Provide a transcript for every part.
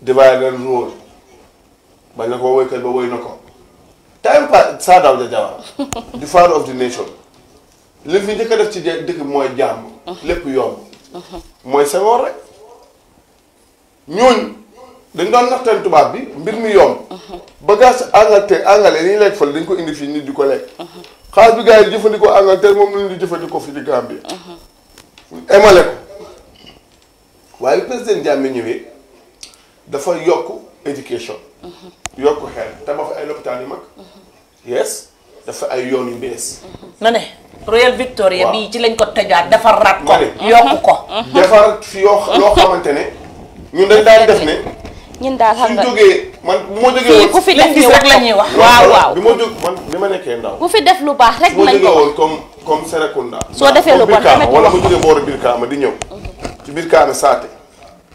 divided road bañ na ko woykat ba woy na ko time pass Sir Dawda Jawara the father of the nation li fi njëkk def ci dëkk dikk mooy jàmm uh-huh. lépp yomb uh-huh. mooy Senghor rek ñooñ dañ doon naxtaan tubaab bi mbir mi yomb uh-huh. bagage Angleterre Angleterre yi ñu lekk fële dañ ko indi fii nit di ko lekk xaalis bi gars yi jëfandikoo Angleterre moom lañu di jëfandikoo fi di Gambie emale ko waaye président Jammeh ñëwee dafa yokk éducation. yokk xel tabax ay lopitaan yu mag. yes dafa ay yoon yu bees. na ne Royal Victoria. yi ci lañ ko tëjaat defaraat ko. yokk ko defar fi yoo loo xamante ne ñun dañ daan def ne. ñun daal xam nga suñ jógee man bu ma jógee ku fi def lu rek la waaw waaw bi ma jóg man bi ma nekkee ndaw. ku fi def lu baax rek nañ ko woon comme comme Serekunda. soo defee lu bon wala ma jógee boori Birkaama di ñëw. ci Birkaama saate.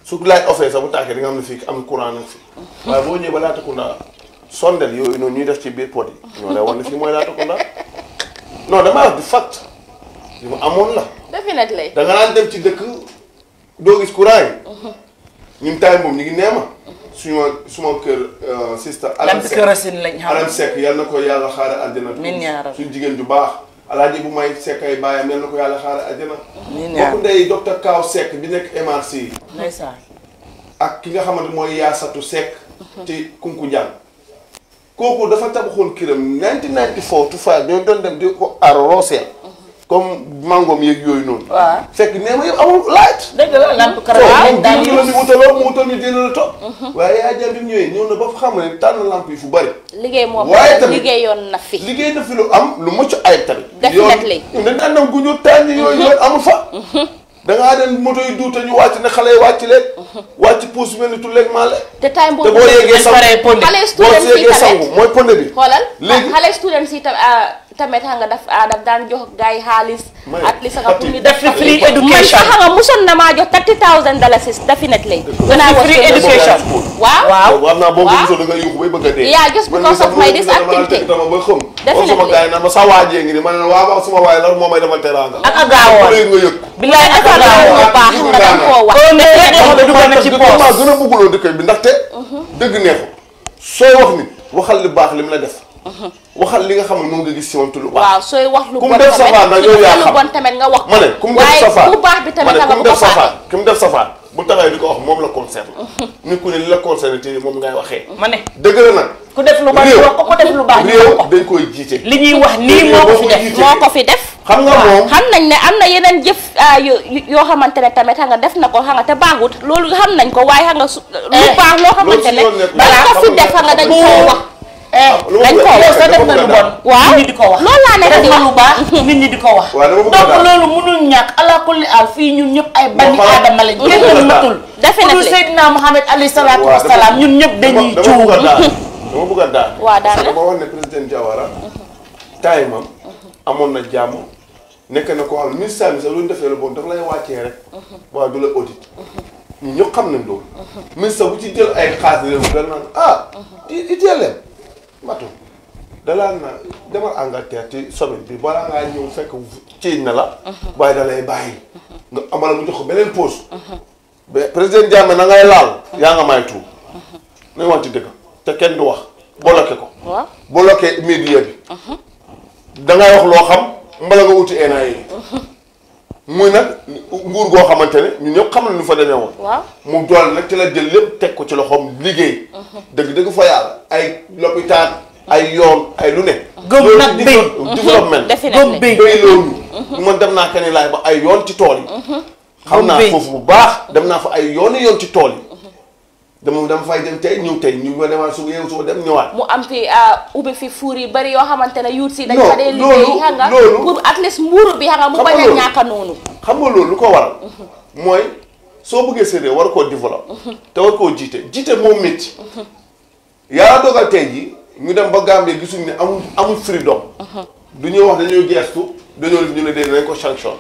su laaj offee sax bu tàkkee di nga xam ne fii am courant nag fii waaye boo ñëwee ba Laatakounda sondel yooyu noonu ñuy def ci biir pot yi ñoo lay wan ne fii mooy Laatakounda non damaa wax di fact li mu amoon la definitely da nga daan dem ci dëkk doo gis courant yi ñun taay moom ñu ngi neema ma suma kër sista alam sekk alam sekk yàlla na ko yàlla xaare àddina suñu jigéen ju baax alaaji bu may sekk ay bàyyam yal na ko yàlla xaar àjjana. bokk ndey docteur Kaaw Seck bi nekk MRC. ndeysaan. ak ki nga xamante mooy yaasatu Seck. Mhm. ci kunku jàng. kooku dafa tabaxoon këram 1994 tout ñoo doon dem di ko arroseel. comme mangoom yeeg yooyu noonu. waaw fekk nee ma yow amul laaj. dëgg la lamp caravane daal yi la ñu wutaloo mu wutal ñu dina la topp. Mhm. waaye yaa jàmm bi ñëwee ñëw na ba fa xam ne tànn lamp yi fu bëri. liggéey moo bëri liggéeyoon na fi. liggéey na fi lu am lu mucc ayib tamit. def na li yoon nañu àndam gu ñu tànn yooyu mhm. yoon amul fa. Mhm. da ngaa dem moto yi duute ñu wàcc ne xale yi wàcc leen. wàcc puus bi mel ni tulleeg maale. Ah, ah, maa jox thirty thousand dollars definitely. when I was free education. a dee. yaa sama gars la moo may defal teraanga. ak a gaawoon billaay asal a baax nga da koo wax. mais ci poos maa gën a bi ndaxte. dëgg neexu sooy wax nit waxal li baax li mu la def. waxal li nga xam ne moom nga gis si moom waaw sooy wax lu bon tamit lu bon nga wax. ma ne ku mu def safaan bu baax def safaan ku mu def safaan bu taxawee di ko wax moom la concerne. nit ku ne li la concerne te moom ngay waxee. ma ne dëgg la nag. ku def lu baax wax ko ku li ñuy wax nii moo ko fi def moo ko fi def xam nga moom xam nañ ne am na yeneen jëf ah, yoo xamante ne tamit xam nga def na ko xam nga te baaxut loolu xam nañ ko waaye xam nga su eh, lu baax loo xamante ne dañ ko fi def xam nga dañ koo wax eh, ah, dañ ko wax sa def na lu bon waaw nit ñi di ko wax loolu laa nekk di lu baax nit ñi di ko wax donc loolu mënul ñàkk ala kulli al fii ñun ñëpp ay bani aadama lañ kenn matul na Seydina Muhammad alayhi salaatu wasalaam ñun ñëpp dañuy juum dama bëgg a daan. waaw daan na parce wax ne président Diawara. Mhm. taay mam mhm. amoon na jàmm. nekk na koo xam ne ministère bi lu ñu defee la bon dafa lay wàccee rek. Mhm. waaw du la xam nañ loolu. ministère bu ci jël ay xaalis réew mi dana naan ah. di teel na demal Angleterre ci semaine bi balaa ngaa ñëw fekk ciiñ na la. waaye da lay bàyyi. nga amala mu jox beneen pause. mais président na ngay laal. yaa nga may tuub. nañ wax ci dëgg. te kenn du wax bloqué ko. waaw bloqué média bi. Uh-huh. dangay wax loo xam mbala nga wuti ENA uh-huh. muy nag nguur goo xamante ne ñu ñëpp xam nañu lu fa demee woon. waaw mu dool nag ci la jël lépp teg ko ci loxoom liggéey. Uh-huh. dëgg-dëgg fa yàlla ay lopitaan ay yoon ay lu ne. gëm nag béy développement gëm béy béy loolu. man dem naa Kanilaay ba ay yoon ci tool yi. xam naa foofu bu baax dem naa fa ay yooni yoon ci tool yi. dama dama fay dem tey ñëw tey ñu ma demaat su yeewu soo dem ñëwaat. mu am fi ah, ubbi fi fuur yu bëri yoo xamante ne yuut si. dañ fa dee liggéey xam nga pour at least muuru bi xam mu bañ a ñàkk noonu. xam nga loolu lu ko waral. Mhm. mooy soo bëggee séddee war koo développe. Mhm. te war koo jiite jiite moo métti. Mhm. yàlla dogal tey ji ñu dem ba Gambie gisuñu ne amul amul freedom. du ñuy wax dañoo gestu dañoo ñu la dee dañ ko sanction.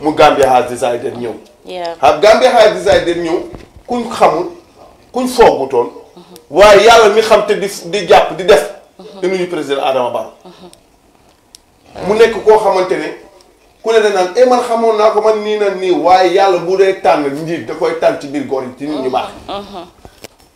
mu Gambia has decided ñëw. waaw xam Gambia has decided ñëw kuñ xamul. kuñ foogutoon waaye yàlla mi xam te di di jàpp di def di ñu président Adama Barrow mu nekk koo xamante ne ku ne naan e man xamoon naa ko man nii na nii waaye yàlla bu dee tànn njiit da koy tànn ci biir góor yi ci nit ñu baax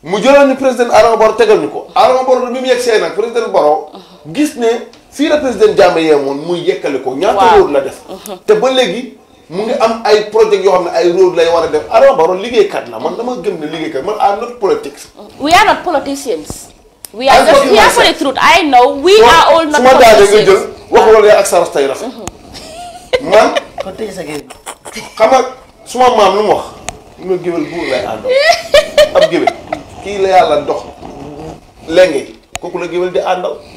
mu jëloon ni président Adama Barrow tegal ñu ko Adama Barrow bi mu yegsee nag président Barrow gis ne fii la président yee yeemoon muy yekkale ko ñaata róor la def uh-huh. te ba léegi mu ngi am ay projet yoo xam ne ay rôle lay war a def Adama ah, Barrow liggéeykat la man dama gëm ne liggéeykat man I'm not politics. we are not politicians. we are just here for the truth I know. we are all not politicians su ma daanee nga jël wax loolu yaa ak sa rastay rafet. Mhm. man. kon tey sa géej. xam nga suma maam lu mu wax. mu ne géwél buur lay àndal ab géwél kii la yàlla dox. lenge kooku la géwél di àndal.